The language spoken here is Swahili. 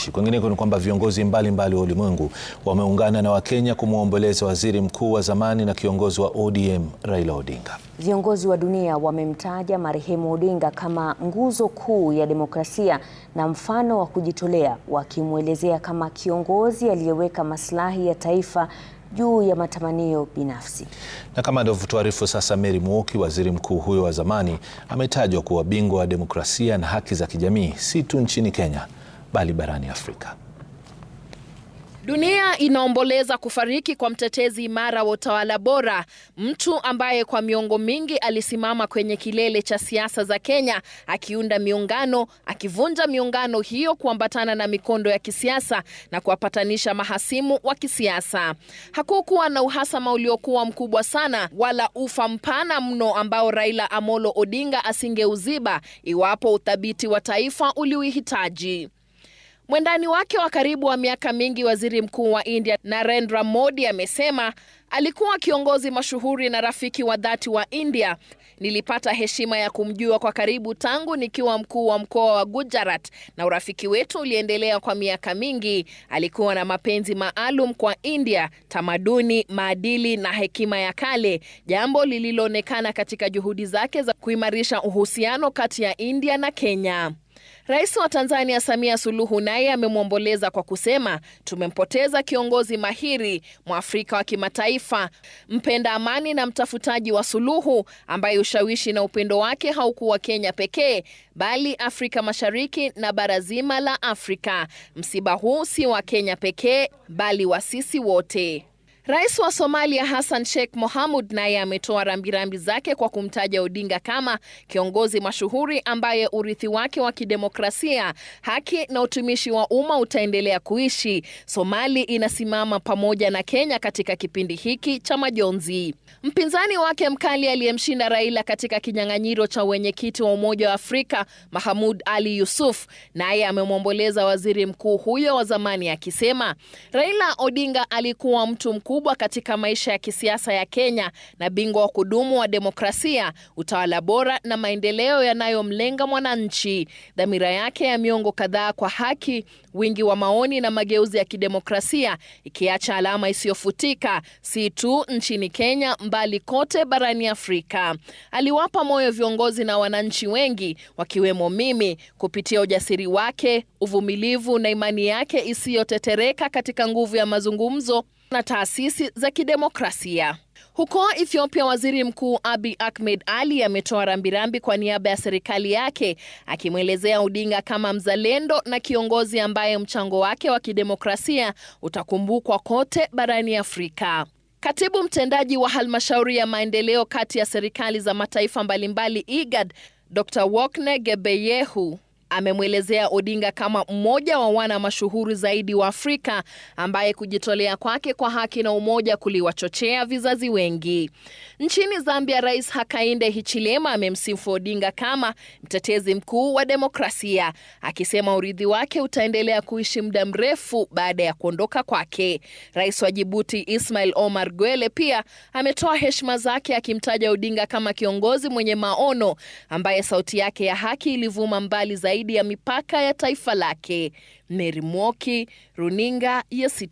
mazishi. Kwingineko ni kwamba viongozi mbalimbali wa ulimwengu wameungana na Wakenya kumwomboleza waziri mkuu wa zamani na kiongozi wa ODM Raila Odinga. Viongozi wa dunia wamemtaja marehemu Odinga kama nguzo kuu ya demokrasia na mfano wa kujitolea, wakimwelezea kama kiongozi aliyeweka maslahi ya taifa juu ya matamanio binafsi. Na kama anavyotuarifu sasa Mary muoki waziri mkuu huyo wa zamani ametajwa kuwa bingwa wa demokrasia na haki za kijamii si tu nchini Kenya bali barani Afrika. Dunia inaomboleza kufariki kwa mtetezi imara wa utawala bora, mtu ambaye kwa miongo mingi alisimama kwenye kilele cha siasa za Kenya, akiunda miungano, akivunja miungano hiyo kuambatana na mikondo ya kisiasa na kuwapatanisha mahasimu wa kisiasa. Hakukuwa na uhasama uliokuwa mkubwa sana wala ufa mpana mno ambao Raila Amolo Odinga asingeuziba iwapo uthabiti wa taifa uliuhitaji. Mwendani wake wa karibu wa miaka mingi, waziri mkuu wa India Narendra Modi amesema alikuwa kiongozi mashuhuri na rafiki wa dhati wa India. Nilipata heshima ya kumjua kwa karibu tangu nikiwa mkuu wa mkoa wa Gujarat na urafiki wetu uliendelea kwa miaka mingi. Alikuwa na mapenzi maalum kwa India, tamaduni, maadili na hekima ya kale, jambo lililoonekana katika juhudi zake za kuimarisha uhusiano kati ya India na Kenya. Rais wa Tanzania Samia Suluhu naye amemwomboleza kwa kusema, tumempoteza kiongozi mahiri, mwafrika wa kimataifa, mpenda amani na mtafutaji wa suluhu, ambaye ushawishi na upendo wake haukuwa Kenya pekee, bali Afrika Mashariki na bara zima la Afrika. Msiba huu si wa Kenya pekee, bali wa sisi wote. Rais wa Somalia Hassan Sheikh Mohamud naye ametoa rambirambi zake kwa kumtaja Odinga kama kiongozi mashuhuri ambaye urithi wake wa kidemokrasia, haki na utumishi wa umma utaendelea kuishi. Somali inasimama pamoja na Kenya katika kipindi hiki cha majonzi. Mpinzani wake mkali aliyemshinda Raila katika kinyang'anyiro cha wenyekiti wa Umoja wa Afrika Mahamud Ali Yusuf naye amemwomboleza waziri mkuu huyo wa zamani akisema, Raila Odinga alikuwa mtu mkuu kubwa katika maisha ya kisiasa ya Kenya na bingwa wa kudumu wa demokrasia, utawala bora na maendeleo yanayomlenga mwananchi. Dhamira yake ya miongo kadhaa kwa haki, wingi wa maoni na mageuzi ya kidemokrasia ikiacha alama isiyofutika si tu nchini Kenya mbali kote barani Afrika. Aliwapa moyo viongozi na wananchi wengi wakiwemo mimi kupitia ujasiri wake, uvumilivu na imani yake isiyotetereka katika nguvu ya mazungumzo na taasisi za kidemokrasia. Huko Ethiopia, waziri mkuu Abiy Ahmed Ali ametoa rambirambi kwa niaba ya serikali yake akimwelezea Odinga kama mzalendo na kiongozi ambaye mchango wake wa kidemokrasia utakumbukwa kote barani Afrika. Katibu mtendaji wa halmashauri ya maendeleo kati ya serikali za mataifa mbalimbali IGAD, Dr. Wokne Gebeyehu amemwelezea Odinga kama mmoja wa wana mashuhuri zaidi wa Afrika ambaye kujitolea kwake kwa haki na umoja kuliwachochea vizazi wengi. Nchini Zambia, Rais Hakainde Hichilema amemsifu Odinga kama mtetezi mkuu wa demokrasia, akisema urithi wake utaendelea kuishi muda mrefu baada ya kuondoka kwake. Rais wa Jibuti Ismail Omar Gwele pia ametoa heshima zake akimtaja Odinga kama kiongozi mwenye maono ambaye sauti yake ya haki ilivuma mbali zaidi zaidi ya mipaka ya taifa lake. Mary Mwoki, runinga ya Citizen.